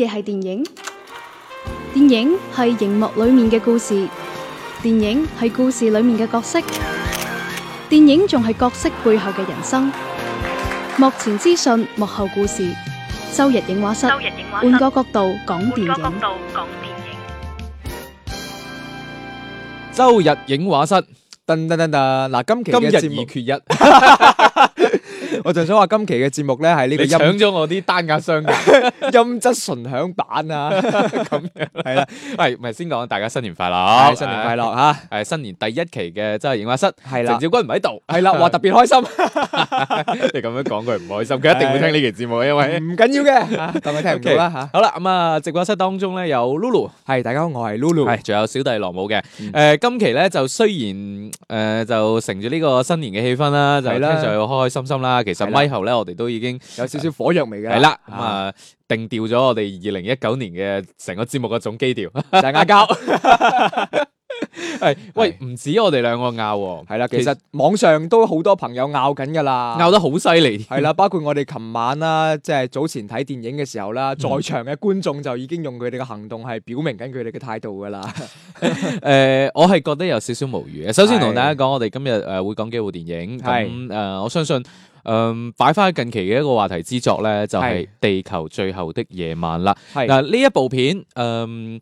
嘢係電影，電影係熒幕裏面嘅故事，電影係故事裏面嘅角色，電影仲係角色背後嘅人生。幕前資訊，幕後故事，周日影畫室，換個角度講電影。周日影畫室，噔噔噔噔，嗱，今期今日二缺一。我就想話今期嘅節目咧喺呢個搶咗我啲單壓雙壓音質純享版啊，咁樣係啦，係唔係先講？大家新年快樂啊！新年快樂吓！誒，新年第一期嘅即係直播室，陳少君唔喺度，係啦，話特別開心！你咁樣講佢唔開心，佢一定會聽呢期節目，因為唔緊要嘅，咁佢聽唔到啦吓。好啦，咁啊直播室當中咧有 Lulu，係，大家好，我係 Lulu，係仲有小弟羅武嘅。誒，今期咧就雖然誒就乘住呢個新年嘅氣氛啦，就聽上去開開心心啦。其實咪後咧，我哋都已經有少少火藥味嘅係啦。咁啊，定調咗我哋二零一九年嘅成個節目嘅總基調，就係嗌交係。喂，唔止我哋兩個拗，係啦。其實網上都好多朋友拗緊噶啦，拗得好犀利。係啦，包括我哋琴晚啦，即係早前睇電影嘅時候啦，在場嘅觀眾就已經用佢哋嘅行動係表明緊佢哋嘅態度噶啦。誒，我係覺得有少少無語。首先同大家講，我哋今日誒會講幾部電影。咁誒，我相信。嗯，擺翻喺近期嘅一個話題之作咧，就係、是《地球最後的夜晚》啦是。係嗱呢一部片，嗯，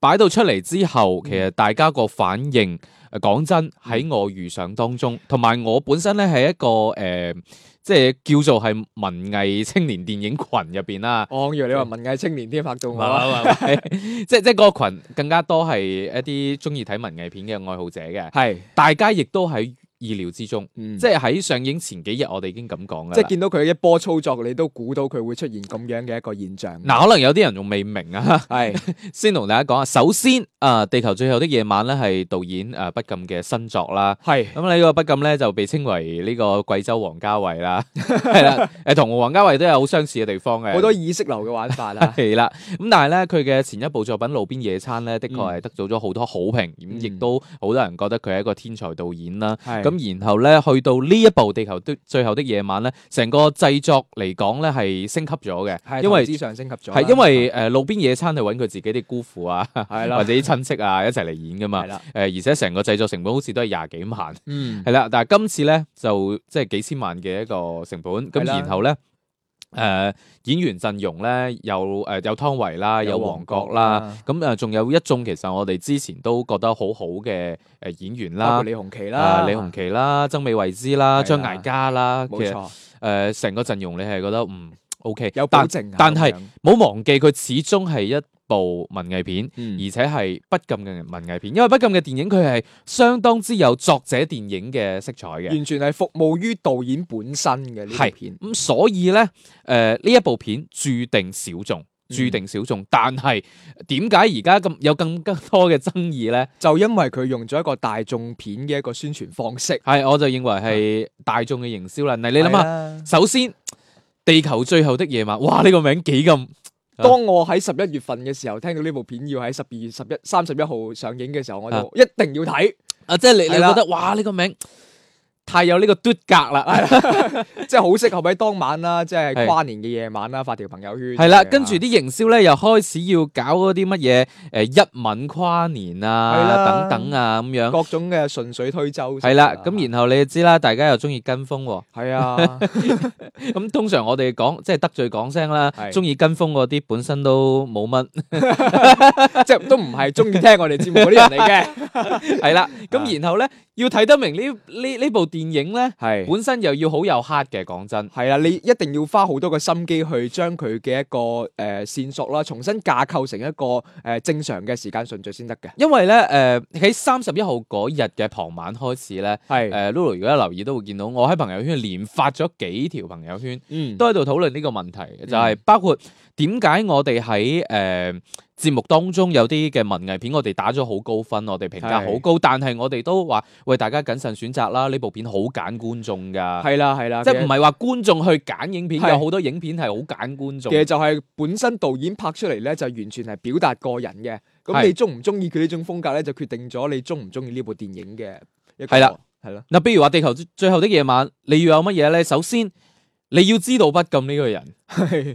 擺到出嚟之後，其實大家個反應，誒、嗯，講真喺我預想當中，同埋我本身咧係一個誒、呃，即係叫做係文藝青年電影群入邊啦。我以為你話文藝青年添，拍到我，即係即係嗰個群更加多係一啲中意睇文藝片嘅愛好者嘅。係是，大家亦都係。意料之中，嗯、即係喺上映前幾日，我哋已經咁講啦。即係見到佢一波操作，你都估到佢會出現咁樣嘅一個現象。嗱、呃，可能有啲人仲未明啊，係是 先同大家講下。首先，啊、呃，地球最後的夜晚咧，係導演啊畢贛嘅新作啦。係咁是，呢個畢贛咧就被稱為呢個貴州王家衛啦。係啦， 誒、呃，同王家衛都有好相似嘅地方嘅。好 多意識流嘅玩法啊。係啦， 咁、嗯、但係咧，佢嘅前一部作品路邊野餐咧，的確係得到咗好多好評，咁亦、嗯、都好多人覺得佢係一個天才導演啦。嗯咁然後咧，去到呢一部《地球的最後的夜晚》呢咧，成個製作嚟講咧係升級咗嘅，因為上升級咗，係因為誒、啊、路邊野餐去揾佢自己啲姑父啊，的或者啲親戚啊一齊嚟演㗎嘛，誒的而且成個製作成本好似都係廿幾萬，係啦、嗯，但係今次咧就即係幾千萬嘅一個成本，咁的然後咧。誒、呃，演員陣容咧有誒、呃、有湯唯啦，有黃覺啦，咁誒仲有一眾其實我哋之前都覺得好好嘅誒演員啦，李鴻其啦，呃、李鴻其啦，曾美慧孜啦，張的艾嘉啦，其實誒成錯、呃、個陣容你係覺得唔、嗯、OK，有保證、啊但但，但係冇樣忘記佢始終係一部文藝片，而且係畢贛嘅文藝片，因為畢贛嘅電影佢係相當之有作者電影嘅色彩嘅，完全係服務於導演本身嘅呢部片。咁、嗯、所以呢，誒、呃、呢一部片注定小眾，注定小眾。嗯、但係點解而家咁有更加多嘅爭議呢？就因為佢用咗一個大眾片嘅一個宣傳方式。係，我就認為係大眾嘅營銷啦。嗱是，你諗下，的首先《地球最後的夜晚》，哇，呢、這個名幾咁。當我喺十一月份嘅時候聽到呢部片要喺十二月十一三十一號上映嘅時候，我就一定要睇。啊，即係你，你覺得了哇，呢、呢個名？太有呢個獨格啦，即係好適合喺當晚啦，即係跨年嘅夜晚啦，發條朋友圈。係啦，跟住啲營銷咧又開始要搞啲乜嘢誒，一吻跨年啊，等等啊，咁樣各種嘅順水推舟。係啦，咁然後你就知啦，大家又中意跟風。係啊，咁通常我哋講即係得罪講聲啦，中意跟風啲本身都冇乜，即係都唔係中意聽我哋節目啲人嚟嘅。係啦，咁然後咧要睇得明呢呢呢部電影咧係是本身又要好有 heart 嘅，講真係啦、啊，你一定要花好多嘅心機去將佢嘅一個誒、呃、線索啦，重新架構成一個誒、呃、正常嘅時間順序先得嘅。因為咧誒喺三十一號嗰日嘅傍晚開始咧，係誒是、呃、Lulu 如果一留意都會見到我喺朋友圈連發咗幾條朋友圈，嗯、都喺度討論呢個問題，就係、是、包括點解我哋喺誒。呃節目當中有啲嘅文藝片，我哋打咗好高分，我哋評價好高，是但係我哋都話喂大家謹慎選擇啦，呢部片好揀觀眾㗎。係啦係啦，即係唔係話觀眾去揀影片，的有好多影片係好揀觀眾嘅。其實就係本身導演拍出嚟咧，就完全係表達個人嘅。咁你中唔中意佢呢種風格咧，就決定咗你中唔中意呢部電影嘅。係啦，係咯。嗱，比如話《地球最後的夜晚》，你要有乜嘢咧？首先。你要知道畢贛呢個人，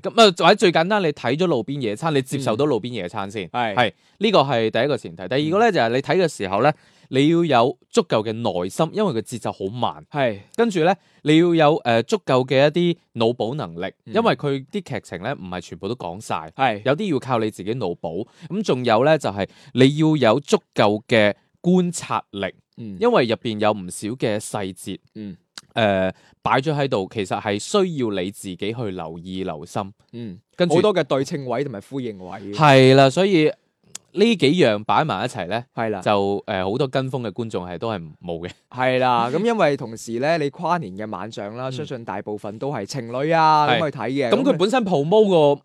咁啊，或者最簡單，你睇咗路邊野餐，你接受到路邊野餐先，係、嗯，呢個係第一個前提。第二個咧、嗯、就係你睇嘅時候咧，你要有足夠嘅耐心，因為個節奏好慢。係、嗯，跟住咧你要有誒、呃、足夠嘅一啲腦補能力，因為佢啲劇情咧唔係全部都講晒，係、嗯，有啲要靠你自己腦補。咁仲、嗯、有咧就係、是、你要有足夠嘅觀察力，嗯、因為入邊有唔少嘅細節。嗯。誒，擺咗喺度，其實係需要你自己去留意留心，嗯，跟住著好多嘅對稱位同埋呼應位，係啦，所以呢幾樣擺埋一齊咧，係啦的，就誒好、呃、多跟風嘅觀眾係都係冇嘅，係啦，咁因為同時咧，你跨年嘅晚上啦，相信大部分都係情侶啊咁、嗯、去睇嘅，咁佢的本身 promo 個。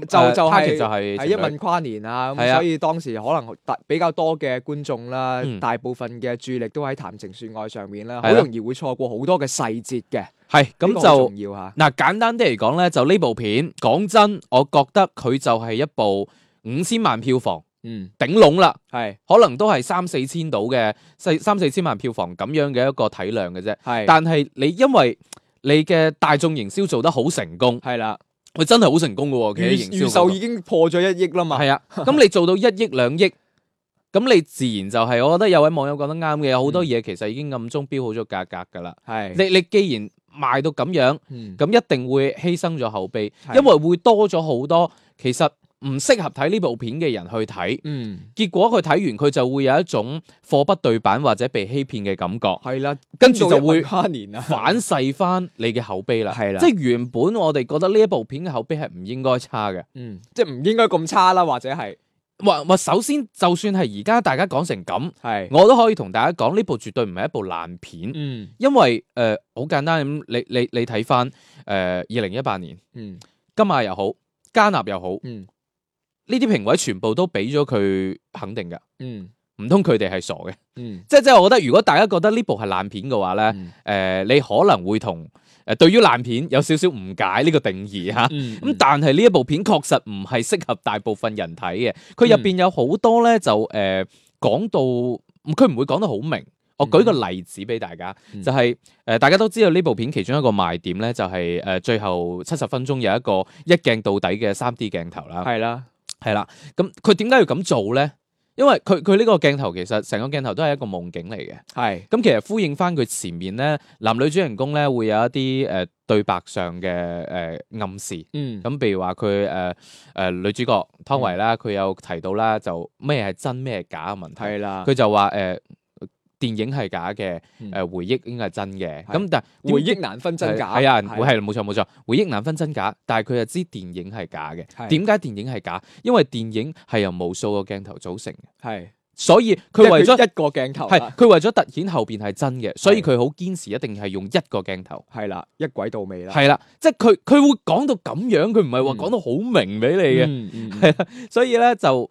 就就係、是、係一吻跨年啊，咁、嗯、所以當時可能大比較多嘅觀眾啦，嗯、大部分嘅注意力都喺談情說愛上面啦，好、嗯、容易會錯過好多嘅細節嘅。係咁就，嗱，簡單啲嚟講咧，就呢部片，講真，我覺得佢就係一部五千萬票房，嗯，頂籠啦，係是，可能都係三四千到嘅四三四千萬票房咁樣嘅一個體量嘅啫。係是，但係你因為你嘅大眾營銷做得好成功，係啦。佢真係好成功嘅，佢嘅營銷售已經破咗一億啦嘛。係啊，咁你做到一億兩億，咁你自然就係、是，我覺得有位網友講得啱嘅，有好多嘢其實已經暗中標好咗價格噶啦。係、嗯，你你既然賣到咁樣，咁一定會犧牲咗口碑，因為會多咗好多其實。唔適合睇呢部片嘅人去睇，嗯，結果佢睇完佢就會有一種貨不對板或者被欺騙嘅感覺，係啦的，跟住就會反噬翻你嘅口碑啦，係啦的，即係原本我哋覺得呢一部片嘅口碑係唔應該差嘅，嗯，即係唔應該咁差啦，或者係，或或首先就算係而家大家講成咁，係的，我都可以同大家講呢部絕對唔係一部爛片，嗯，因為誒好、呃、簡單咁，你你你睇翻誒二零一八年，嗯，金馬又好，加納又好，嗯。呢啲評委全部都俾咗佢肯定嘅，嗯，唔通佢哋係傻嘅？嗯，即係即係，我覺得如果大家覺得呢部係爛片嘅話咧，誒、嗯呃，你可能會同誒、呃、對於爛片有少少誤解呢個定義嚇，咁、嗯嗯、但係呢一部片確實唔係適合大部分人睇嘅，佢入邊有好多咧就誒、呃、講到，佢唔會講得好明。我舉個例子俾大家，嗯嗯就係、是、誒、呃、大家都知道呢部片其中一個賣點咧，就係、是、誒、呃、最後七十分鐘有一個一鏡到底嘅三 D 鏡頭啦，係啦。係啦，咁佢點解要咁做咧？因為佢佢呢個鏡頭其實成個鏡頭都係一個夢境嚟嘅，係咁的其實呼應翻佢前面咧，男女主人公咧會有一啲誒、呃、對白上嘅誒、呃、暗示，嗯，咁譬如話佢誒誒女主角湯唯啦，佢的有提到啦，就咩係真咩係假嘅問題，係啦的，佢就話誒。呃電影係假嘅。誒，回憶應該係真嘅，咁但係回憶難分真假，係啊，係冇錯冇錯，回憶難分真假，但係佢又知電影係假嘅，點解電影係假？因為電影係由無數個鏡頭組成嘅，係，所以佢為咗一個鏡頭，係佢為咗凸顯後邊係真嘅，所以佢好堅持一定係用一個鏡頭，係啦，一鬼到尾啦，係啦，即係佢佢會講到咁樣，佢唔係話講到好明俾你嘅，係所以咧就。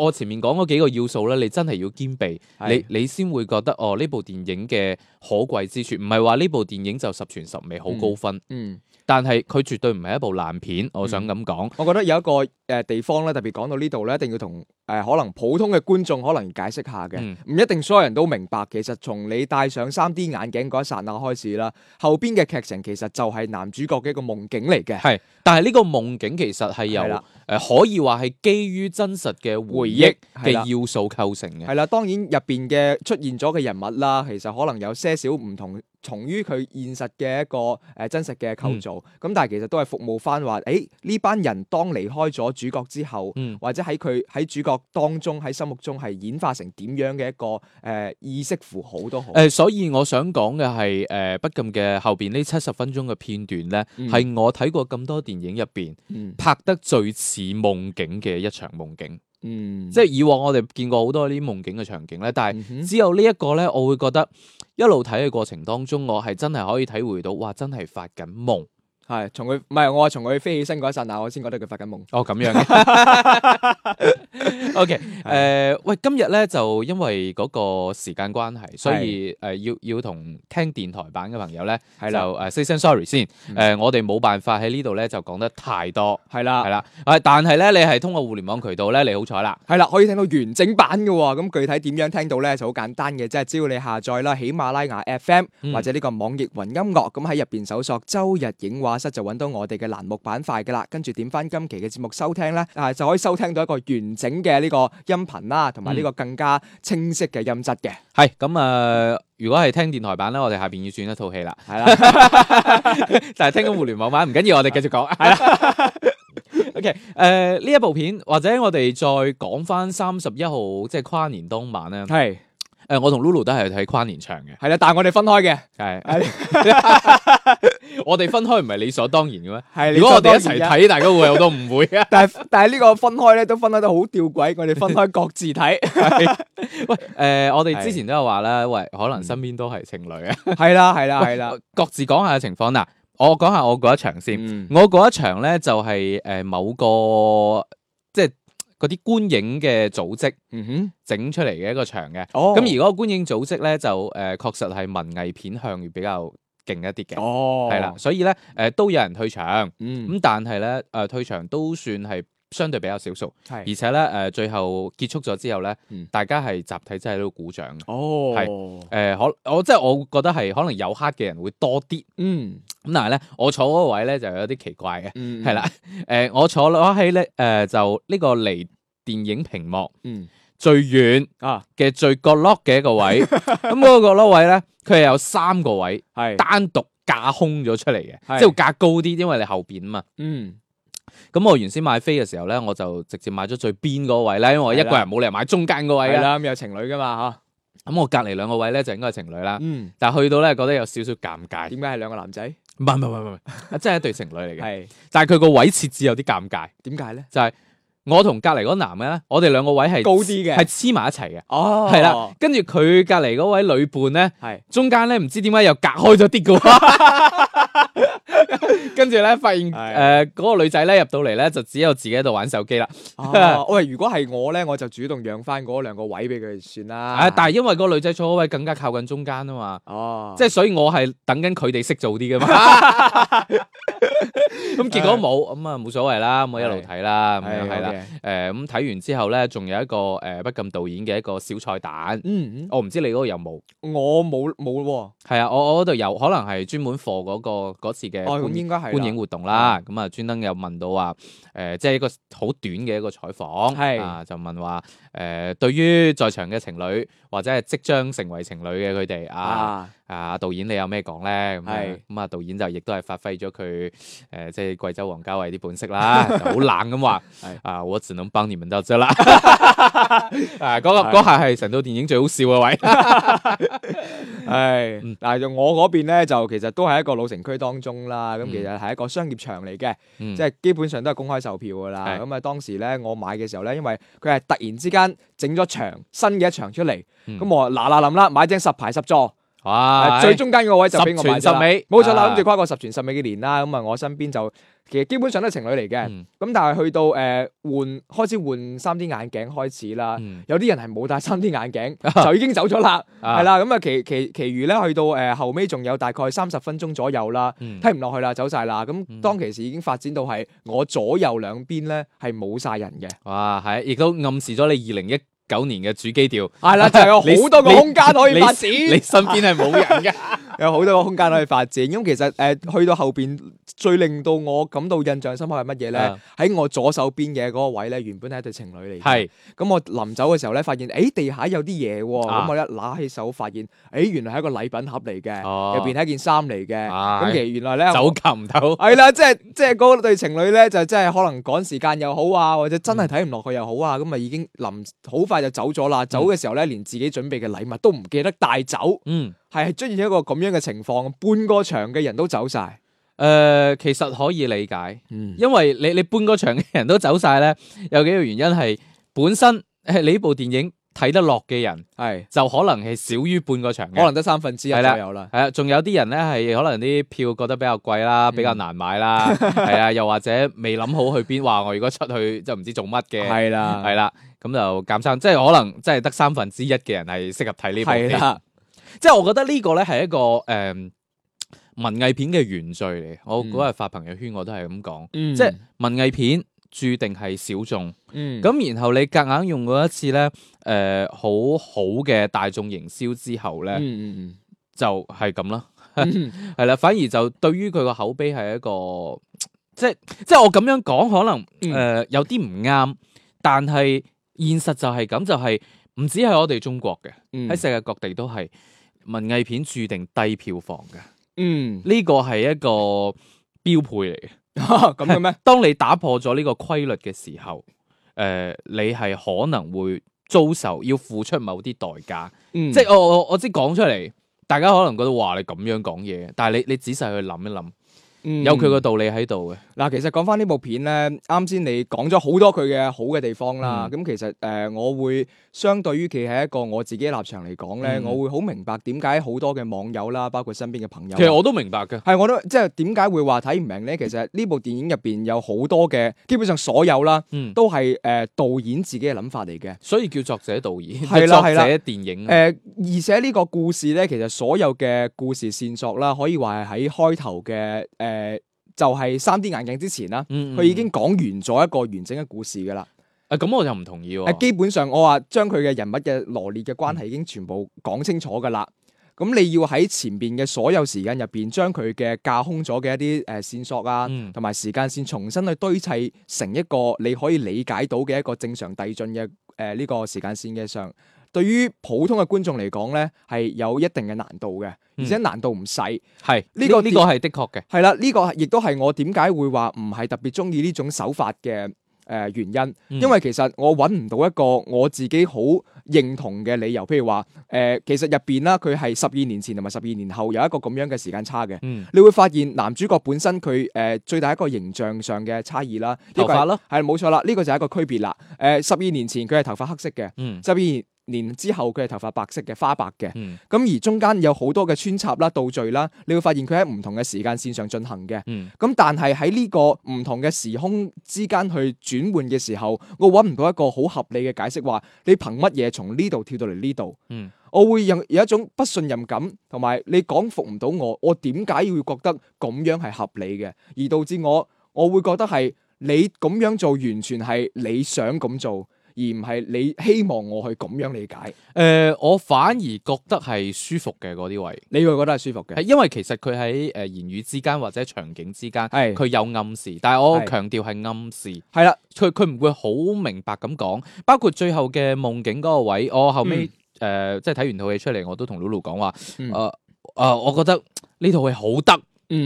我前面講嗰幾個要素咧，你真係要兼備，是你你先會覺得哦，呢部電影嘅可貴之處，唔係話呢部電影就十全十美，好高分。嗯，嗯，但係佢絕對唔係一部爛片，我想咁講，嗯。我覺得有一個誒地方咧，特別講到呢度咧，一定要同。誒可能普通嘅觀眾可能解釋下嘅，唔、嗯、唔一定所有人都明白。其實從你戴上三 D 眼鏡嗰一剎那開始啦，後邊嘅劇情其實就係男主角嘅一個夢境嚟嘅。係，但係呢個夢境其實係由誒可以話係基於真實嘅回憶嘅要素構成嘅。係啦，當然入邊嘅出現咗嘅人物啦，其實可能有些少唔同。從於佢現實嘅一個誒真實嘅構造，咁、嗯、但係其實都係服務翻話，誒呢班人當離開咗主角之後，嗯、或者喺佢喺主角當中喺心目中係演化成點樣嘅一個誒、呃、意識符號都好。誒、呃，所以我想講嘅係誒，不、呃、禁嘅後邊呢七十分鐘嘅片段咧，係、嗯、我睇過咁多電影入邊、嗯、拍得最似夢境嘅一場夢境。嗯，即係以往我哋見過好多呢啲夢境嘅場景咧，但係只有呢一個咧，我會覺得一路睇嘅過程當中，我係真係可以體會到，哇，真係發緊夢。係，從佢唔係，我係從佢飛起身嗰一剎那，我先覺得佢發緊夢。哦，咁樣嘅。OK，誒，喂，今日咧就因為嗰個時間關係，所以誒的、呃、要要同聽電台版嘅朋友咧，係的就誒 say some sorry 先。誒、嗯呃，我哋冇辦法喺呢度咧就講得太多。係啦的，係啦，誒，但係咧你係通過互聯網渠道咧，你好彩啦。係啦，可以聽到完整版嘅喎。咁具體點樣聽到咧就好簡單嘅，即係只要你下載啦喜馬拉拉雅 FM 或者呢個網易雲音樂，咁喺入邊搜索周日影話。就揾到我哋嘅欄目板塊噶啦，跟住點翻今期嘅節目收聽咧，啊就可以收聽到一個完整嘅呢個音頻啦，同埋呢個更加清晰嘅音質嘅。係咁啊，如果係聽電台版咧，我哋下邊要轉一套戲啦，係啦。但係聽緊互聯網版唔緊要，要，我哋繼續講。係 啦 ，OK，誒、呃，呢一部片或者我哋再講翻三十一號，即係跨年當晚咧，係。誒，我同 Lulu 都係睇跨年場嘅，係啦，但係我哋分開嘅，係的， 我哋分開唔係理所當然嘅咩？係的，如果我哋一齊睇，大家會有好多誤會啊！ 但係但係呢個分開咧，都分開得好吊詭，我哋分開各自睇 。喂，誒、呃，我哋之前都有話啦，喂，可能身邊都係情侶啊，係 啦，係啦，係啦，各自講下情況嗱，我講下我嗰一場先，嗯、我嗰一場咧就係誒某個。嗰啲觀影嘅組織整、嗯、哼出嚟嘅一個場嘅，咁、哦、而嗰個觀影組織咧就誒確、呃、實係文藝片向嚟比較勁一啲嘅，係啦、哦，所以咧誒、呃、都有人退場，咁、嗯、但係咧誒退場都算係。相對比較少數，係而且咧，誒，最後結束咗之後咧，大家係集體真係喺度鼓掌哦，係，誒，可我即係我覺得係可能有黑嘅人會多啲。嗯，咁但係咧，我坐嗰個位咧就有啲奇怪嘅，係啦，誒，我坐落喺咧，誒，就呢個離電影屏幕嗯最遠啊嘅最角落嘅一個位，咁嗰個角落位咧，佢係有三個位係單獨架空咗出嚟嘅，即係架高啲，因為你後邊啊嘛。嗯。咁我原先買飛嘅時候咧，我就直接買咗最邊個位咧，因為我一個人冇理由買中間個位噶啦，咁有情侶噶嘛吓。咁我隔籬兩個位咧就應該係情侶啦，嗯，但係去到咧覺得有少少尷尬。點解係兩個男仔？唔係唔係唔係唔係，啊， 真係一對情侶嚟嘅。係是，但係佢個位設置有啲尷尬。點解咧？就係我同隔籬嗰男嘅咧，我哋兩個位係高啲嘅，係黐埋一齊嘅。哦，係啦，跟住佢隔籬嗰位女伴咧，係的中間咧，唔知點解又隔開咗啲嘅。 跟住咧，發現誒嗰個女仔咧，入到嚟,咧，就只有自己喺度玩手機啦。喂，如果係我咧，我就主動讓翻嗰兩個位俾佢哋算啦。但係因為個女仔坐位更加靠近中間啊嘛。哦，即係所以，我係等緊佢哋識做啲噶嘛。咁結果冇，咁啊冇所謂啦，可以一路睇啦。咁樣係啦，誒咁睇完之後咧，仲有一個誒畢贛導演嘅一個小彩蛋。嗯，我唔知你嗰個有冇？我冇冇咯。係啊，我我嗰度有可能係專門放嗰個。嗰次嘅觀影活動啦，咁啊專登又問到話，誒、呃、即係一個好短嘅一個採訪，是啊就問話，誒、呃，對於在場嘅情侶或者係即將成為情侶嘅佢哋啊，啊,啊導演你有咩講咧？咁咁啊導演就亦都係發揮咗佢誒，即係貴州王家衛啲本色啦，好 冷咁話，是啊我只能幫你們到這啦。啊 是，嗰下係成套電影最好笑嘅是位。係，但係我嗰邊咧就其實都係一個老城區當中啦，咁其實係一個商業場嚟嘅，嗯、即係基本上都係公開售票噶啦。咁是、嗯、 啊當時咧我買嘅時候咧，因為佢係突然之間。整咗場新嘅一場出嚟，咁、嗯、我嗱嗱淋啦，買張十排十座。哇！最中間個位就俾我買啦，十全十美，冇錯啦。諗住跨過十全十美嘅年啦，咁啊，我身邊就其實基本上都係情侶嚟嘅。咁但係去到誒換開始換三 d 眼鏡開始啦，有啲人係冇戴三 d 眼鏡就已經走咗啦，係啦。咁啊其其其餘咧去到誒後尾仲有大概三十分鐘左右啦，睇唔落去啦，走晒啦。咁當其時已經發展到係我左右兩邊咧係冇晒人嘅。哇，係，亦都暗示咗你二零一。九年嘅主基調，係啦，就有好多個空間可以發展。你身邊係冇人嘅，有好多個空間可以發展。咁其實誒，去到後邊最令到我感到印象深刻係乜嘢咧？喺我左手邊嘅嗰個位咧，原本係一對情侶嚟嘅。係。咁我臨走嘅時候咧，發現誒地下有啲嘢喎。咁我一拿起手，發現誒，原來係一個禮品盒嚟嘅，入邊係一件衫嚟嘅。咁其實原來咧走擒唔到係啦，即係即係嗰對情侶咧，就真係可能趕時間又好啊，或者真係睇唔落去又好啊。咁啊已經臨好快。就走咗啦，走嘅時候咧，連自己準備嘅禮物都唔記得帶走，嗯，係出現一個咁樣嘅情況，半個場嘅人都走晒。誒、呃，其實可以理解，嗯，因為你你半個場嘅人都走晒咧，有幾個原因係本身誒，你呢部電影。睇得落嘅人係是就可能係少於半個場，可能得三分之一左右啦。係啊，仲有啲人咧係可能啲票覺得比較貴啦，嗯、比較難買啦。係啊， 又或者未諗好去邊，話我如果出去就唔知做乜嘅。係啦的，係啦，咁就減生，即係可能即係得三分之一嘅人係適合睇呢部片。的 即係我覺得呢個咧係一個誒、呃、文藝片嘅原罪嚟。我嗰日發朋友圈我都係咁講，嗯、即係文藝片。注定係小眾，咁、嗯、然後你夾硬用過一次咧，誒、呃，好好嘅大眾營銷之後咧，嗯嗯、就係咁啦，係啦、嗯， 反而就對於佢個口碑係一個，即係即係我咁樣講可能誒、呃、有啲唔啱，但係現實就係咁，就係、係、唔止係我哋中國嘅，喺、嗯、世界各地都係文藝片注定低票房嘅，嗯，呢個係一個標配嚟嘅。咁嘅咩？哦、樣當你打破咗呢個規律嘅時候，誒、呃，你係可能會遭受要付出某啲代價。嗯、即係我我我即係講出嚟，大家可能覺得哇，你咁樣講嘢，但係你你仔細去諗一諗，嗯、有佢個道理喺度嘅。嗱、嗯，其實講翻呢部片咧，啱先你講咗好多佢嘅好嘅地方啦。咁、嗯、其實誒、呃，我會。相對於其係一個我自己立場嚟講咧，嗯、我會好明白點解好多嘅網友啦，包括身邊嘅朋友，其實我都明白嘅。係，我都即係點解會話睇唔明咧？其實呢部電影入邊有好多嘅，基本上所有啦，嗯、都係誒、呃、導演自己嘅諗法嚟嘅。所以叫作者導演，係啦、係啦、就寫電影、啊。誒、呃，而且呢個故事咧，其實所有嘅故事線索啦，可以話係喺開頭嘅誒，就係、是、三 D 眼鏡之前啦，佢、嗯嗯、已經講完咗一個完整嘅故事噶啦。誒，咁、啊、我就唔同意喎。誒，基本上我話將佢嘅人物嘅羅列嘅關係已經全部講清楚噶啦。咁、嗯、你要喺前邊嘅所有時間入邊，將佢嘅架空咗嘅一啲誒線索啊，同埋、嗯、時間線重新去堆砌成一個你可以理解到嘅一個正常遞進嘅誒呢個時間線嘅上。對於普通嘅觀眾嚟講咧，係有一定嘅難度嘅，而且難度唔細。係呢、嗯這個呢的、這個係的確嘅。係啦，呢、這個亦都係我點解會話唔係特別中意呢種手法嘅。誒、呃、原因，因為其實我揾唔到一個我自己好認同嘅理由，譬如話誒、呃，其實入邊啦，佢係十二年前同埋十二年後有一個咁樣嘅時間差嘅，嗯、你會發現男主角本身佢誒、呃、最大一個形象上嘅差異啦，這個、頭髮啦，係冇錯啦，呢、這個就係一個區別啦。誒、呃，十二年前佢係頭髮黑色嘅，十二、嗯。年之後佢係頭髮白色嘅花白嘅，咁、嗯、而中間有好多嘅穿插啦、倒敍啦，你會發現佢喺唔同嘅時間線上進行嘅。咁、嗯、但係喺呢個唔同嘅時空之間去轉換嘅時候，我揾唔到一個好合理嘅解釋，話你憑乜嘢從呢度跳到嚟呢度？嗯、我會有有一種不信任感，同埋你講服唔到我，我點解要覺得咁樣係合理嘅？而導致我我會覺得係你咁樣做完全係你想咁做。而唔係你希望我去咁樣理解？誒、呃，我反而覺得係舒服嘅嗰啲位，你會覺得係舒服嘅？係因為其實佢喺誒言語之間或者場景之間，係佢是有暗示，但係我強調係暗示。係啦是，佢佢唔會好明白咁講。包括最後嘅夢境嗰個位，我後尾誒、嗯呃、即係睇完套戲出嚟，我都同 Lulu 講話，誒誒、嗯呃呃，我覺得呢套戲好得，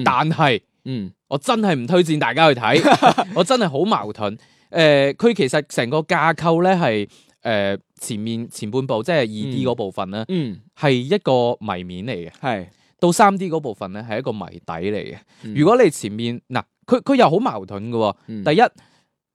但係嗯，嗯嗯我真係唔推薦大家去睇，我真係好矛盾。誒，佢、呃、其實成個架構咧係誒前面前半部即係二 D 嗰部分咧，係、嗯、一個謎面嚟嘅。係是到三 D 嗰部分咧係一個謎底嚟嘅。嗯、如果你前面嗱，佢、呃、佢又好矛盾嘅、哦。嗯、第一，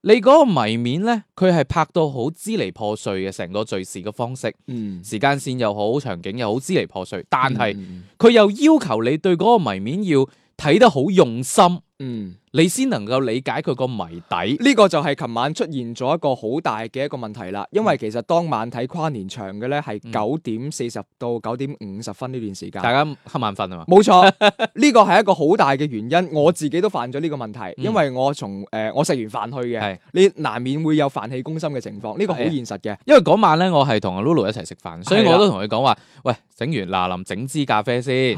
你嗰個謎面咧，佢係拍到好支離破碎嘅成個敘事嘅方式，嗯、時間線又好，場景又好支離破碎。但係佢又要求你對嗰個謎面要睇得好用心。嗯，你先能夠理解佢個謎底，呢個就係琴晚出現咗一個好大嘅一個問題啦。因為其實當晚睇跨年場嘅呢係九點四十到九點五十分呢段時間，嗯，大家瞌眼瞓啊嘛。冇錯錯，呢個係一個好大嘅原因。我自己都犯咗呢個問題，嗯、因為我從誒、呃、我食完飯去嘅，你是難免會有飯氣攻心嘅情況，呢的個好現實嘅。因為嗰晚呢，我係同 Lulu 一齊食飯，所以我都同佢講話：，的喂，整完嗱臨整支咖啡先，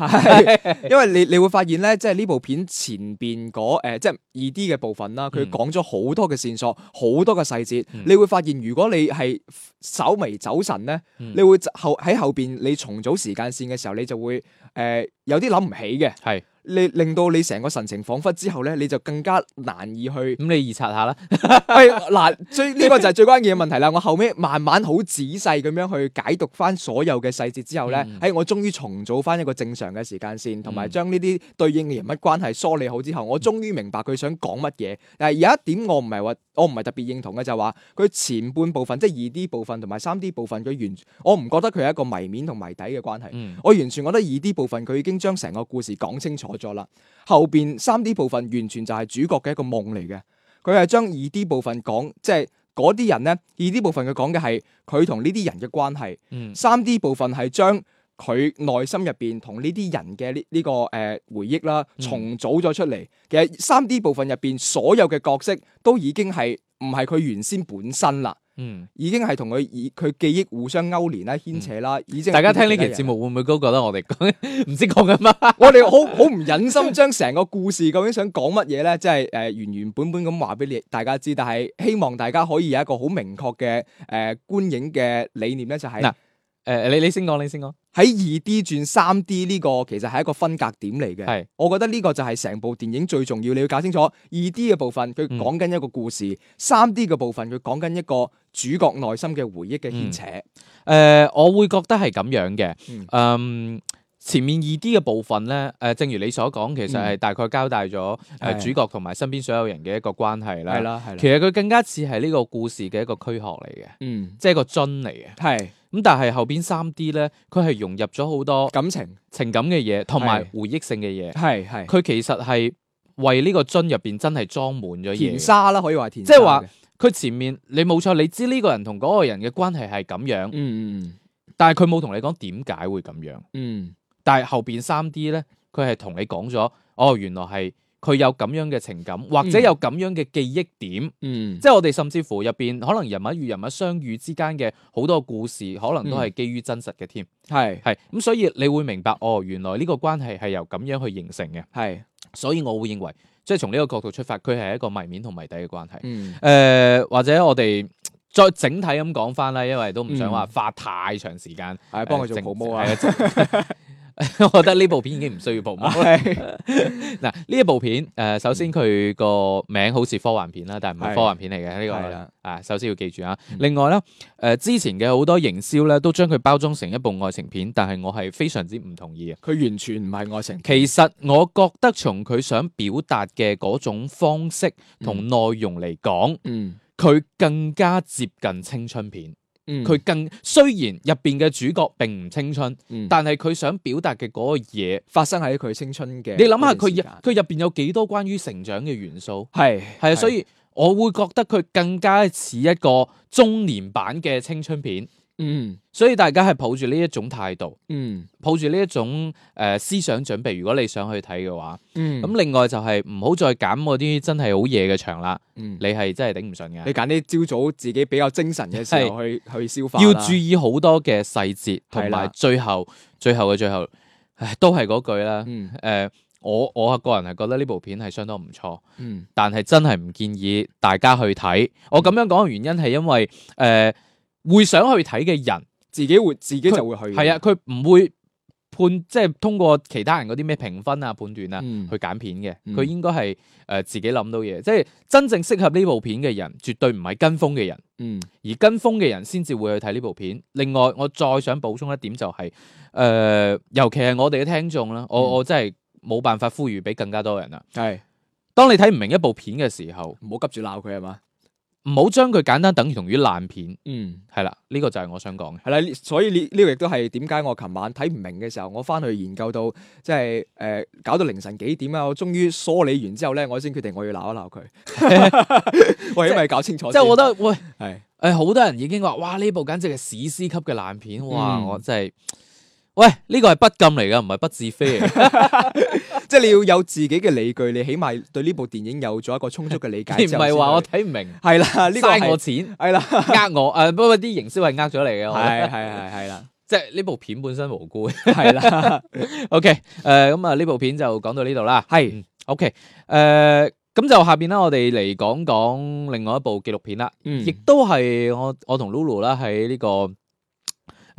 因為你你會發現呢，即係呢部片前邊。如果嗰誒、呃、即係二 D 嘅部分啦，佢講咗好多嘅線索，好、嗯、多嘅細節，嗯、你會發現如果你係稍微走神咧，嗯、你會後喺後邊你重組時間線嘅時候，你就會誒、呃、有啲諗唔起嘅，係。你令到你成個神情恍惚之後咧，你就更加難以去。咁你臆測下啦。嗱,最呢個就係最關鍵嘅問題啦。我後尾慢慢好仔細咁樣去解讀翻所有嘅細節之後咧，喺、嗯哎、我終於重組翻一個正常嘅時間線，同埋將呢啲對應嘅人物關係梳理好之後，嗯、我終於明白佢想講乜嘢。但係有一點我唔係話，我唔係特別認同嘅就係話，佢前半部分即係二 D 部分同埋三 D 部分佢完全，我唔覺得佢係一個謎面同謎底嘅關係。嗯、我完全覺得二 D 部分佢已經將成個故事講清楚。咗作啦，後邊三 D 部分完全就係主角嘅一個夢嚟嘅，佢係將二 D 部分講，即係嗰啲人呢；二 D 部分佢講嘅係佢同呢啲人嘅關係，三、嗯、D 部分係將佢內心入邊同呢啲人嘅呢呢個誒回憶啦重組咗出嚟，嗯、其實三 D 部分入邊所有嘅角色都已經係唔係佢原先本身啦。嗯，已經係同佢以佢記憶互相勾連啦、牽扯啦，嗯、已經。大家聽呢期節目會唔會都覺得我哋講唔 知講緊乜？我 哋、哦、好好唔忍心將成個故事究竟想講乜嘢咧，即係誒原原本本咁話俾你大家知，但係希望大家可以有一個好明確嘅誒、呃、觀影嘅理念咧，就係、嗱。誒、呃，你你先講，你先講。喺二 D 轉三 D 呢個，其實係一個分隔點嚟嘅。係是，我覺得呢個就係成部電影最重要，你要搞清楚二 D 嘅部分，佢講緊一個故事；三、嗯、D 嘅部分，佢講緊一個主角內心嘅回憶嘅牽扯。誒、嗯呃，我會覺得係咁樣嘅。嗯，嗯，前面二 D 嘅部分咧，誒，正如你所講，其實係大概交代咗誒主角同埋身邊所有人嘅一個關係啦。係啦、嗯，係啦、嗯。其實佢更加似係呢個故事嘅一個軀殼嚟嘅。嗯，即係個樽嚟嘅。係。咁但係後邊三 D 咧，佢係融入咗好多感情、情感嘅嘢，同埋回憶性嘅嘢。係係，佢其實係為呢個樽入邊真係裝滿咗嘢。填沙啦，可以話填，即係話佢前面你冇錯，你知呢個人同嗰個人嘅關係係咁樣。嗯嗯，但係佢冇同你講點解會咁樣。嗯，但係、嗯、後邊三 D 咧，佢係同你講咗，哦，原來係。佢有咁樣嘅情感，或者有咁樣嘅記憶點，嗯、即係我哋甚至乎入邊可能人物與人物相遇之間嘅好多故事，可能都係基於真實嘅添。係係咁，所以你會明白哦，原來呢個關係係由咁樣去形成嘅。係是，所以我會認為，即係從呢個角度出發，佢係一個謎面同謎底嘅關係。誒、嗯呃，或者我哋再整體咁講返啦，因為都唔想話花太長時間，係幫佢做毛毛啊。 我覺得呢部片已經唔需要部沫嗱，呢 一部片誒、呃，首先佢個名好似科幻片啦，但係唔係科幻片嚟嘅，呢個啊。的首先，要記住啊。另外咧，誒、呃，之前嘅好多營銷咧，都將佢包裝成一部愛情片，但係我係非常之唔同意嘅。佢完全唔係愛情片。其實我覺得從佢想表達嘅嗰種方式同內容嚟講、嗯，嗯，佢更加接近青春片。佢、嗯、更，雖然入邊嘅主角並唔青春，嗯、但係佢想表達嘅嗰個嘢發生喺佢青春嘅。你諗下佢佢入邊有幾多關於成長嘅元素？係係啊，所以我會覺得佢更加似一個中年版嘅青春片。嗯，所以大家係抱住呢一種態度，嗯，抱住呢一種誒思想準備，如果你想去睇嘅話，嗯，咁另外就係唔好再揀嗰啲真係好夜嘅場啦，嗯，你係真係頂唔順嘅。你揀啲朝早自己比較精神嘅時候去去消化，要注意好多嘅細節，同埋最後最後嘅最後，都係嗰句啦。誒，我我個人係覺得呢部片係相當唔錯，嗯，但係真係唔建議大家去睇。我咁樣講嘅原因係因為誒。會想去睇嘅人，自己會自己就會去。係啊，佢唔會判，即係通過其他人嗰啲咩評分啊、判斷啊去揀片嘅。佢，嗯，應該係誒自己諗到嘢，即係真正適合呢部片嘅人，絕對唔係跟風嘅人。嗯，而跟風嘅人先至會去睇呢部片。另外，我再想補充一點就係，誒，呃，尤其係我哋嘅聽眾啦，我，嗯，我真係冇辦法呼籲俾更加多人啦。係，嗯，當你睇唔明一部片嘅時候，唔好急住鬧佢係嘛。唔好將佢簡單等於同於爛片，嗯，係啦，呢個就係我想講嘅，係啦，所以呢呢個亦都係點解我琴晚睇唔明嘅時候，我翻去研究到，即係誒、呃，搞到凌晨幾點啊！我終於梳理完之後咧，我先決定我要鬧一鬧佢，為因咪搞清楚。即係 我覺得，喂，係誒是，好、呃、多人已經話，哇，呢部簡直係史詩級嘅爛片，哇，嗯、我真係。喂，呢、這個係不禁嚟噶，唔係不自飛， 即係你要有自己嘅理據，你起碼對呢部電影有咗一個充足嘅理解。唔係話我睇唔明，係啦， 嘥、這個、我錢，係啦是的， 呃我，誒，不過啲營銷係呃咗嚟嘅，係係係係啦，即係呢部片本身無辜，係啦，OK，誒，咁啊呢部片就講到呢度啦，係是、嗯、，OK，誒、呃，咁就下邊啦，我哋嚟講講另外一部紀錄片啦，嗯、亦都係我我同 Lulu 啦喺、這、呢個。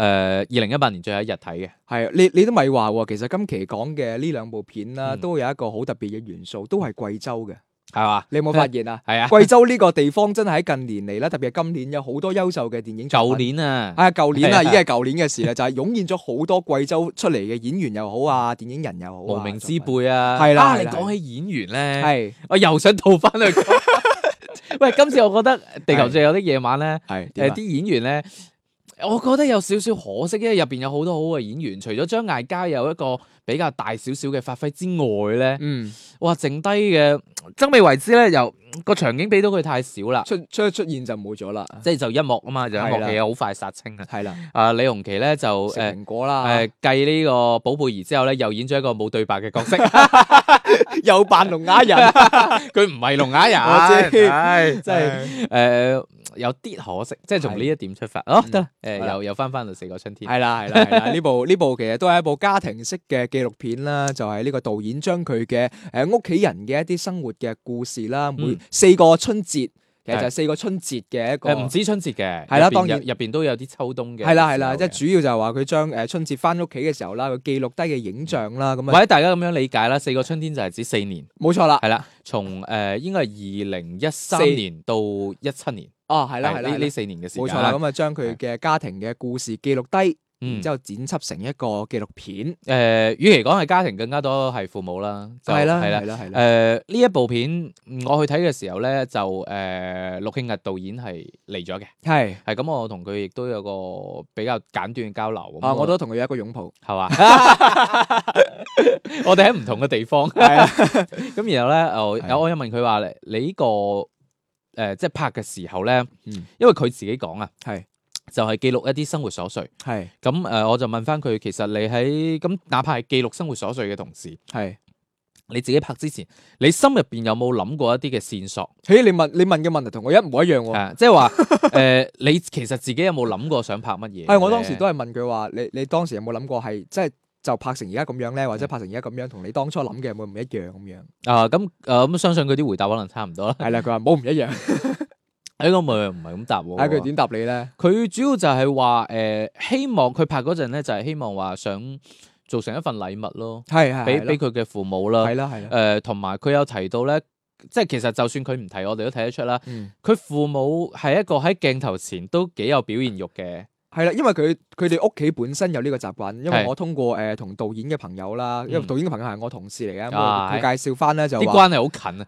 誒，二零一八年最後一日睇嘅係，你你都咪話，其實今期講嘅呢兩部片啦，都有一個好特別嘅元素，都係貴州嘅，係嘛？你有冇發現啊？係啊，貴州呢個地方真係喺近年嚟啦，特別係今年有好多優秀嘅電影。舊年啊，啊，舊年啊，已經係舊年嘅事啦，就係湧現咗好多貴州出嚟嘅演員又好啊，電影人又好，無名之輩啊，係啦。啊，你講起演員咧，係，我又想倒翻去。喂，今次我覺得地球最有啲夜晚地球最後的夜晚咧，係誒，啲演員咧。我覺得有少少可惜，因為入邊有好多好嘅演員，除咗張艾嘉有一個比較大少少嘅發揮之外咧，嗯，哇，剩低嘅曾未為之咧，又個場景俾到佢太少啦，出出出現就冇咗啦，即係就一幕啊嘛，就一幕嘢好快殺青啊，係啦，啊李鴻其咧就誒，蘋果啦，誒，繼呢個寶貝兒之後咧，又演咗一個冇對白嘅角色，又扮聾啞人，佢唔係聾啞人，即係，即係，誒。有啲可惜，即係從呢一點出發哦。得誒，又又翻翻到四個春天。係啦係啦係啦，呢部呢部其實都係一部家庭式嘅紀錄片啦。就係呢個導演將佢嘅誒屋企人嘅一啲生活嘅故事啦，每四個春節其實就係四個春節嘅一個。唔止春節嘅，係啦，當然入邊都有啲秋冬嘅。係啦係啦，即係主要就係話佢將誒春節翻屋企嘅時候啦，佢記錄低嘅影像啦，咁或者大家咁樣理解啦。四個春天就係指四年，冇錯啦。係啦，從誒應該係二零一三年到一七年。哦，係啦，係呢呢四年嘅事，冇錯啦。咁啊，將佢嘅家庭嘅故事記錄低，然之後剪輯成一個紀錄片。誒，與其講係家庭，更加多係父母啦。係啦，係啦，係啦。誒，呢一部片我去睇嘅時候咧，就誒，陸慶屹導演係嚟咗嘅。係係，咁我同佢亦都有個比較簡短嘅交流。啊，我都同佢有一個擁抱，係嘛？我哋喺唔同嘅地方。係咁然後咧，又又我一問佢話：，你呢個？誒、呃，即係拍嘅時候咧，嗯、因為佢自己講啊，係是就係記錄一啲生活瑣碎，係咁誒，我就問翻佢，其實你喺咁，哪怕係記錄生活瑣碎嘅同時，係是你自己拍之前，你心入邊有冇諗過一啲嘅線索？嘿、hey,，你問你問嘅問題同我一模一樣喎、啊嗯，即係話誒，你其實自己有冇諗過想拍乜嘢？係、 嗯、我當時都係問佢話，你你當時有冇諗過係即係。就拍成而家咁樣咧，或者拍成而家咁樣，同你當初諗嘅有冇唔一樣咁樣？啊，咁啊咁相信佢啲回答可能差唔多啦。 係啦，佢話冇唔一樣。哎、 欸，我唔唔係咁答喎。哎，佢點答你咧？佢主要就係話誒，希望佢拍嗰陣咧，就係希望話想做成一份禮物咯，係係俾俾佢嘅父母啦，係啦係啦。誒，同埋佢有提到咧，即係其實就算佢唔提，我哋都睇得出啦。佢、嗯、父母係一個喺鏡頭前都幾有表現慾嘅。係啦，因為佢佢哋屋企本身有呢個習慣，因為我通過誒同、呃、導演嘅朋友啦，因為導演嘅朋友係我同事嚟嘅，佢、嗯、介紹翻咧、啊、就話說啲關係好近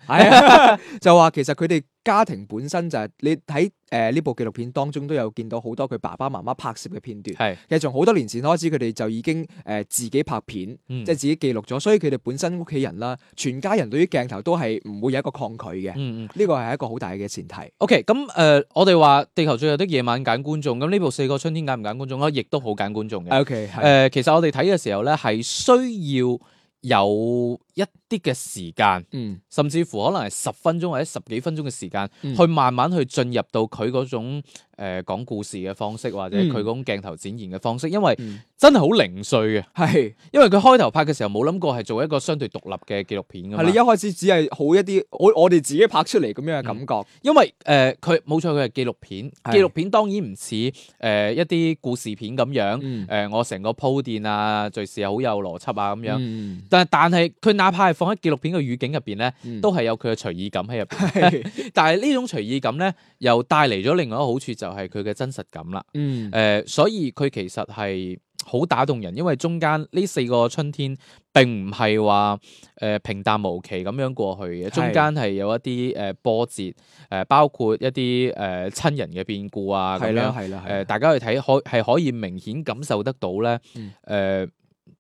啊，的 就話其實佢哋。家庭本身就係、是、你睇誒呢部紀錄片當中都有見到好多佢爸爸媽媽拍攝嘅片段，係是其實從好多年前開始，佢哋就已經誒、呃、自己拍片，嗯、即係自己記錄咗，所以佢哋本身屋企人啦，全家人對於鏡頭都係唔會有一個抗拒嘅，呢、嗯嗯、個係一個好大嘅前提。OK，咁誒、呃、我哋話地球最後的夜晚揀觀眾，咁呢部《四個春天選選》揀唔揀觀眾啊？亦都好揀觀眾嘅。OK，誒、呃、其實我哋睇嘅時候咧，係需要有。一啲嘅時間，嗯，甚至乎可能係十分鐘或者十幾分鐘嘅時間、嗯、去慢慢去進入到佢嗰種誒、呃、講故事嘅方式，或者佢嗰種鏡頭展現嘅方式，因為、嗯、真係好零碎嘅。係是因為佢開頭拍嘅時候冇諗過係做一個相對獨立嘅紀錄片㗎嘛，係你一開始只係好一啲，我我哋自己拍出嚟咁樣嘅感覺，嗯、因為誒佢冇錯，佢係紀錄片，紀錄是片當然唔似誒一啲故事片咁樣誒、嗯呃、我成個鋪墊啊，敘事好有邏輯啊咁樣，但係是但係佢哪怕放喺紀錄片嘅語境入邊咧，都係有佢嘅隨意感喺入邊。嗯、但係呢種隨意感咧，又帶嚟咗另外一個好處，就係佢嘅真實感啦。嗯，誒、呃，所以佢其實係好打動人，因為中間呢四個春天並唔係話誒平淡無奇咁樣過去嘅，中間係有一啲誒、呃、波折，誒、呃、包括一啲誒、呃、親人嘅變故啊。係啦，係啦，誒、呃，大家去睇可係可以明顯感受得到咧。誒、呃，嗯、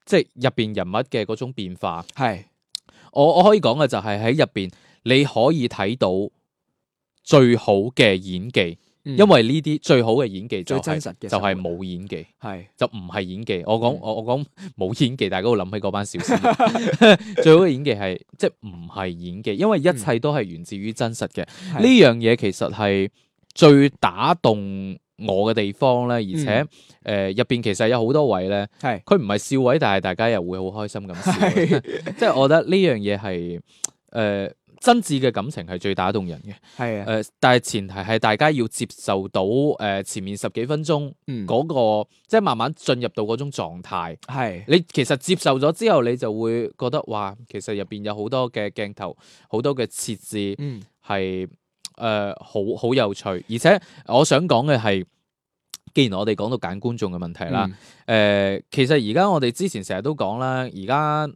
即係入邊人物嘅嗰種變化係。我我可以講嘅就係喺入邊你可以睇到最好嘅演技，嗯、因為呢啲最好嘅演技，就係，最真實就嘅就係冇演技，係是就唔係演技。我講是我我講冇演技，大家會諗起嗰班小鮮。 最好嘅演技係即係唔係演技，因為一切都係源自於真實嘅。呢樣嘢其實係最打動。我嘅地方咧，而且誒入邊其實有好多位咧，係佢唔係笑位，但係大家又會好開心咁笑，即係的 我覺得呢樣嘢係誒真摯嘅感情係最打動人嘅，係誒的、呃、但係前提係大家要接受到誒、呃、前面十幾分鐘嗰、嗰個，嗯、即係慢慢進入到嗰種狀態，係的你其實接受咗之後，你就會覺得哇，其實入邊有好多嘅鏡頭，好多嘅設置，係、嗯。誒、呃，好好有趣，而且我想講嘅係，既然我哋講到揀觀眾嘅問題啦，誒、嗯呃，其實而家我哋之前成日都講啦，而家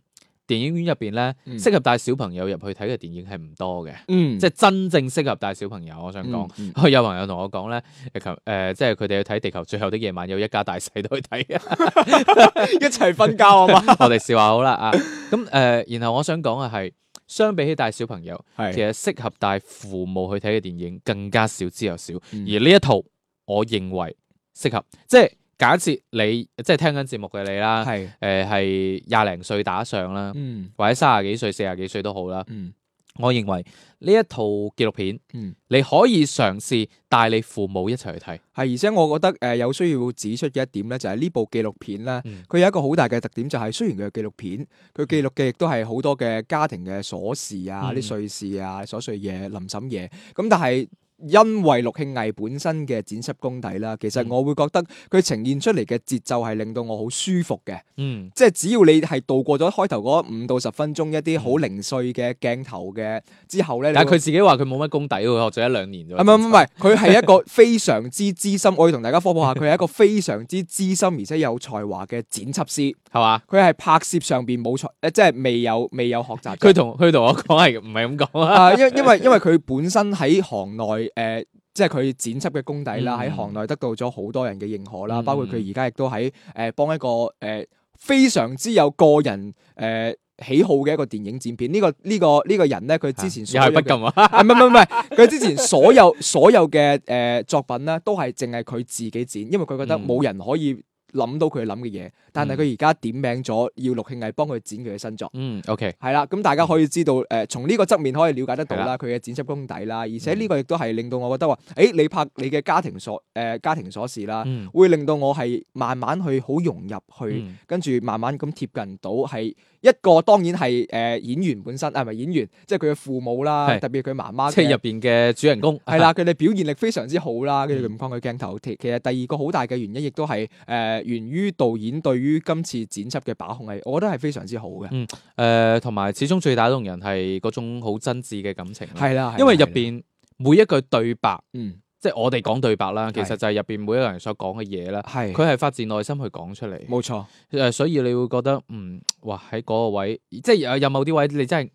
電影院入邊咧，適、嗯、合帶小朋友入去睇嘅電影係唔多嘅，嗯，即係真正適合帶小朋友。我想講，嗯嗯有朋友同我講咧，誒，誒，即係佢哋去睇《地球最後的夜晚》，有一家大細都去睇， 一齊瞓覺啊嘛， 是嗎 我哋笑話，好啦啊，咁、嗯、誒、呃，然後我想講嘅係。相比起帶小朋友，是其實適合帶父母去睇嘅電影更加少之又少。嗯、而呢一套，我認為適合，即係假設你即係聽緊節目嘅你啦，誒係廿零歲打上啦，嗯、或者三十幾歲、四十幾歲都好啦。嗯我認為呢一套紀錄片，你可以嘗試帶你父母一齊去睇。係、嗯，而且我覺得誒，有需要指出嘅一點咧，就係呢部紀錄片咧，佢有一個好大嘅特點，就係雖然佢係紀錄片，佢記錄嘅亦都係好多嘅家庭嘅瑣事啊、嗯、啲碎事啊、瑣碎嘢、臨審嘢，咁但係。因為陸慶屹本身嘅剪輯功底啦，其實我會覺得佢呈現出嚟嘅節奏係令到我好舒服嘅。嗯，即係只要你係度過咗開頭嗰五到十分鐘一啲好零碎嘅鏡頭嘅之後咧，但係佢自己話佢冇乜功底，學咗一兩年啫。唔係唔係，佢係 一個非常之資深， 我要同大家科普下，佢係一個非常之資深而且有才華嘅剪輯師，係嘛？佢係拍攝上邊冇才，即係未有未有學習，佢同佢同我講，係唔係咁講啊？因為因為因為佢本身喺行內。 誒、呃，即係佢剪輯嘅功底啦，喺、嗯、行內得到咗好多人嘅認可啦，嗯、包括佢而家亦都喺誒幫一個誒、呃、非常之有個人誒、呃、喜好嘅一個電影剪片。呢、嗯這個呢個呢個人咧，佢之前算係、啊、不禁啊？唔係唔係，佢 之前所有所有嘅誒、呃、作品咧，都係淨係佢自己剪，因為佢覺得冇人可以諗到佢諗嘅嘢，但係佢而家點名咗要陸慶屹幫佢剪佢嘅新作。嗯，OK，係啦，咁、嗯、大家可以知道，誒、呃，從呢個側面可以了解得到啦，佢嘅的剪輯功底啦，而且呢個亦都係令到我覺得話，誒、欸，你拍你嘅家庭瑣誒、呃，家庭瑣事啦，嗯、會令到我係慢慢去好融入去，跟住、嗯、慢慢咁貼近到係一個，當然係誒、呃、演員本身啊，咪、呃、演員，即係佢嘅父母啦，的特別佢媽媽車入邊嘅主人公係啦，佢 哋表現力非常之好啦，跟住唔抗拒鏡頭。其實第二個好大嘅原因亦都係誒。呃源於導演對於今次剪輯嘅把控係，我覺得係非常之好嘅。嗯，誒，同埋始終最打動人係嗰種好真摯嘅感情。係啦，因為入邊每一句對白，嗯，即係我哋講對白啦，其實就係入邊每一個人所講嘅嘢啦。係，佢係發自內心去講出嚟。冇錯。誒，所以你會覺得，嗯，哇，喺嗰個位，即係有有某啲位，你真係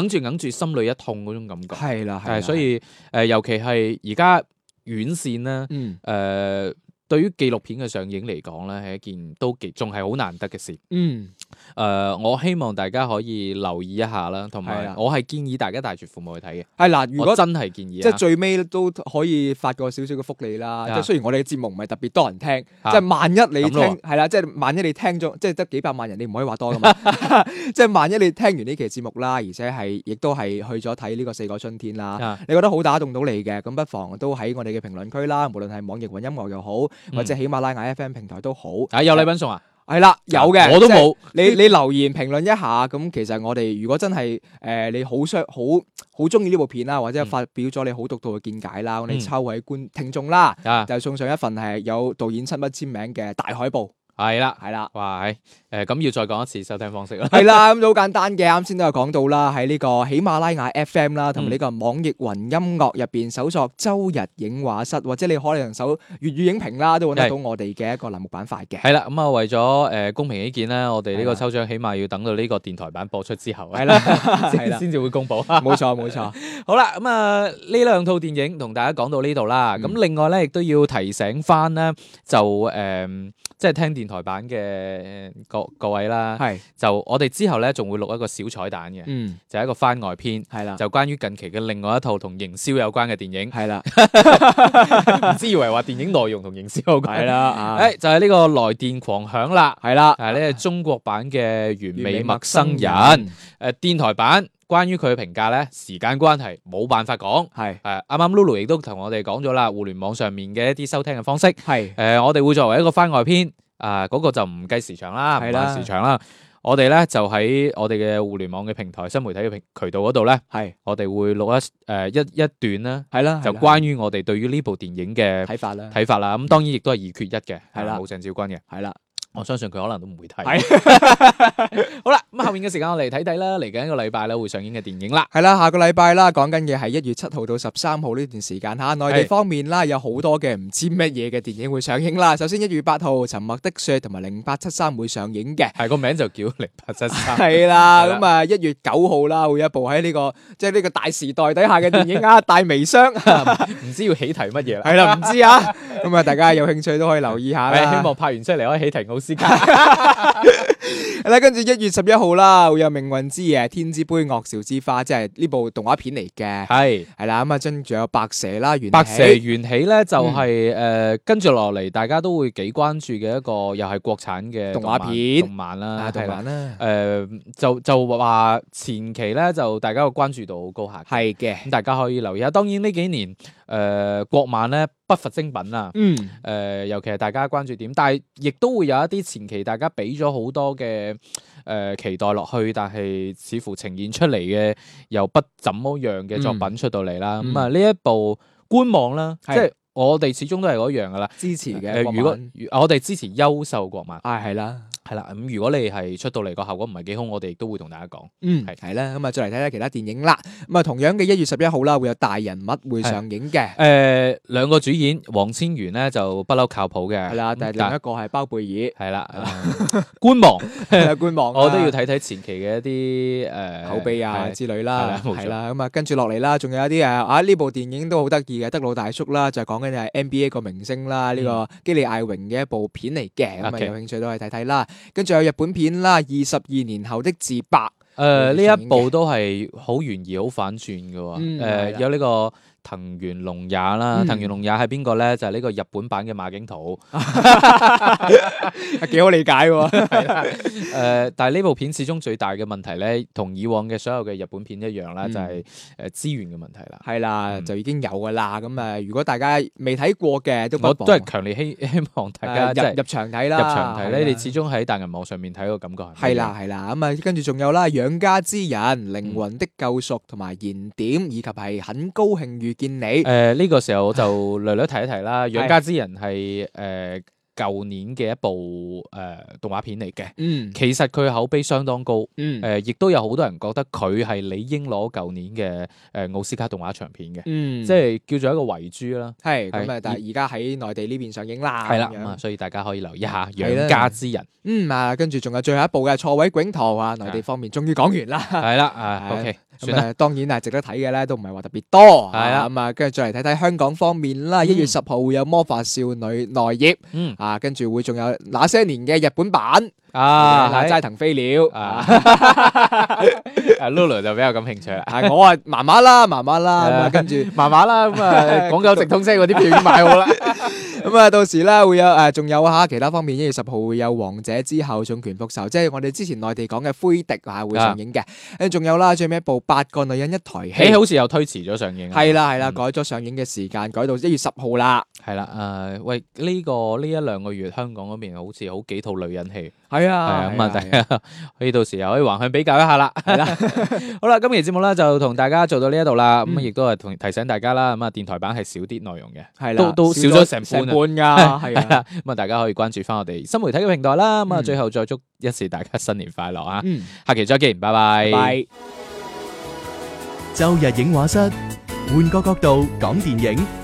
哽住哽住，心裏一痛嗰種感覺。係啦，係所以，誒，尤其係而家遠線啦，誒。對於紀錄片嘅上映嚟講咧，係一件都幾仲係好難得嘅事。嗯。誒、呃，我希望大家可以留意一下啦，同埋我係建議大家帶住父母去睇嘅。係嗱，如果真係建議，即係最尾都可以發個少少嘅福利啦。的即係雖然我哋嘅節目唔係特別多人聽，的即係萬一你聽係啦的，即係萬一你聽咗，即係得幾百萬人，你唔可以話多噶嘛。 即係萬一你聽完呢期節目啦，而且係亦都係去咗睇呢個四個春天啦，的你覺得好打動到你嘅，咁不妨都喺我哋嘅評論區啦，無論係網易雲音樂又好，或者喜馬拉雅 F M 平台都好。啊、嗯，以有禮品送啊！係啦，有嘅，我都冇。你你留言評論一下，咁其實我哋如果真係誒、呃，你好想好好中意呢部片啦，或者發表咗你好獨到嘅見解啦，我哋、嗯、抽位觀聽眾啦，嗯、就送上一份係有導演親筆簽名嘅大海報。係啦，係啦，喂哇，誒、呃，咁要再講一次收聽方式啦。係啦，咁好簡單嘅，啱先都有講到啦，喺呢個喜馬拉雅 FM 啦，同呢個網易雲音樂入邊搜索周日影畫室，或者你可能搜粵語影評啦，都揾得到我哋嘅一個欄目板塊嘅。係啦，咁啊為咗誒公平起見咧，我哋呢個抽獎起碼要等到呢個電台版播出之後，係啦了，係啦，先至會公布。冇 錯，冇錯。好啦，咁啊呢兩套電影同大家講到呢度啦。咁、嗯、另外咧，亦都要提醒翻咧，就誒、呃，即係聽電。電台版嘅各位啦，係就我哋之後呢，仲會錄一個小彩蛋嘅。嗯，就係一個番外篇，係啦，就關於近期嘅另外一套同營銷有關嘅電影，係啦，唔知以為話電影內容同營銷有關，係啦，誒，就係呢個來電狂響啦，係啦，係呢個中國版嘅完美陌生人，誒，電台版關於佢嘅評價呢，時間關係冇辦法講，係，啱啱 Lulu 亦都同我哋講咗啦，互聯網上面嘅一啲收聽嘅方式，係，誒，我哋會作為一個番外篇。啊，嗰、那個就唔計時長啦，唔話時長啦。的我哋咧就喺我哋嘅互聯網嘅平台、新媒體嘅渠道嗰度咧，係的我哋會錄一誒、呃、一一段咧，係啦的，就關於我哋對於呢部電影嘅睇的法啦，睇法啦。咁、嗯、當然亦都係二缺一嘅，係啦的，冇鄭少君嘅，係啦。我相信佢可能都唔會睇。係。好啦，咁啊，後面嘅時間我嚟睇睇啦，嚟緊一個禮拜咧會上映嘅電影啦。係啦，下個禮拜啦，講緊嘅係一月七號到十三號呢段時間吓。內地方面啦，有好多嘅唔知乜嘢嘅電影會上映啦。首先一月八號《沉默的雪》同埋《零八七三》會上映嘅。係個名就叫《零八七三》。係啦，咁啊，一月九號啦，會有一部喺呢個即係呢個大時代底下嘅電影啊，《大微商》。唔知要喜提乜嘢啦？係啦，唔知啊。咁啊，大家有興趣都可以留意下啦。希望拍完出嚟可以喜提好。時間係啦，跟住一月十一號啦，會有《命運之夜：天之杯惡兆之花》，即係呢部動畫片嚟嘅。係係啦，咁啊，跟住有白蛇啦，白蛇緣起咧，就係誒，跟住落嚟，大家都會幾關注嘅一個，又係國產嘅動畫片，動漫，動漫啦，係、啊、啦，誒，就就話前期咧，就大家嘅關注度好高下，係嘅，咁大家可以留意下。當然呢幾年，誒，國漫咧。不乏精品啦，誒、呃，尤其係大家關注點，但係亦都會有一啲前期大家俾咗好多嘅誒、呃、期待落去，但係似乎呈現出嚟嘅又不怎麼樣嘅作品出到嚟啦。咁啊，呢一部觀望啦，是即係我哋始終都係嗰樣噶啦，是支持嘅。如果我哋支持優秀國民。係係啦。係啦，咁如果你係出到嚟個效果唔係幾好，我哋都會同大家講。嗯，係啦，咁啊，再嚟睇睇其他電影啦。咁啊，同樣嘅一月十一號啦，會有大人物會上映嘅。誒，兩個主演王千源咧就不嬲靠譜嘅，係啦，但係另一個係包貝爾，係啦，觀望，觀望。我都要睇睇前期嘅一啲誒口碑啊之類啦，係啦，咁啊跟住落嚟啦，仲有一啲誒啊呢部電影都好得意嘅，德魯大叔啦，就係講緊係 NBA 個明星啦，呢個基利艾榮嘅一部片嚟嘅，咁啊有興趣都可以睇睇啦。跟住有日本片啦，《二十二年後的自白》誒呢、呃、一部都係好懸疑、好反轉嘅喎，呃、的有呢、呢個。藤原龍也啦，嗯、藤原龍也係邊個咧？就係、是、呢個日本版嘅馬景濤，幾 好理解喎。誒、 呃，但係呢部片始終最大嘅問題咧，同以往嘅所有嘅日本片一樣啦，嗯、就係誒資源嘅問題啦。係啦的，嗯、就已經有噶啦。咁啊，如果大家未睇過嘅，都我都係強烈希希望大家入入場睇啦。入場睇咧，的你始終喺大銀幕上面睇個感覺係。係啦，係啦。咁啊、嗯，跟住仲有啦，養家之人、靈魂的救贖、同埋燃點，以及係很高興見你誒，呢個時候我就略略提一提啦，《養家之人》係誒舊年嘅一部誒動畫片嚟嘅。嗯，其實佢口碑相當高。嗯，誒亦都有好多人覺得佢係理應攞舊年嘅誒奧斯卡動畫長片嘅。嗯，即係叫做一個遺珠啦。係咁啊！但係而家喺內地呢邊上映啦。係啦，咁啊，所以大家可以留意下《養家之人》。嗯啊，跟住仲有最後一部嘅《錯位囧途》啊，內地方面終於講完啦。係啦，啊，OK。咁當然係值得睇嘅咧，都唔係話特別多。係啊，咁啊，跟住再嚟睇睇香港方面啦。一月十號會有魔法少女內頁，嗯啊，跟住會仲有那些年嘅日本版啊，齋藤飛鳥啊。Lulu 就比較感興趣啦。係，我啊麻麻啦，麻麻啦，跟住麻麻啦，咁啊廣九直通車，我啲票已經買好啦。咁啊，到時咧會有誒，仲有嚇其他方面，一月十號會有《王者之後》重拳復仇，即係我哋之前內地講嘅《奎迪》會上映嘅。誒，仲有啦，最尾一部八個女人一台戲，好似又推遲咗上映。係啦，係啦，改咗上映嘅時間，改到一月十號啦。係啦，誒，喂，呢個呢一兩個月香港嗰邊好似好幾套女人戲。係啊，係啊，咁啊，係啊，可以到時又可以橫向比較一下啦。好啦，今期節目咧就同大家做到呢一度啦。咁亦都係同提醒大家啦，咁啊，電台版係少啲內容嘅，係啦，都少咗成半。換噶係啊，咁啊，大家可以關注翻我哋新媒體嘅平台啦。咁啊，最後再祝一次大家新年快樂啊！下期再見，拜拜。周日影畫室，換個角度講電影。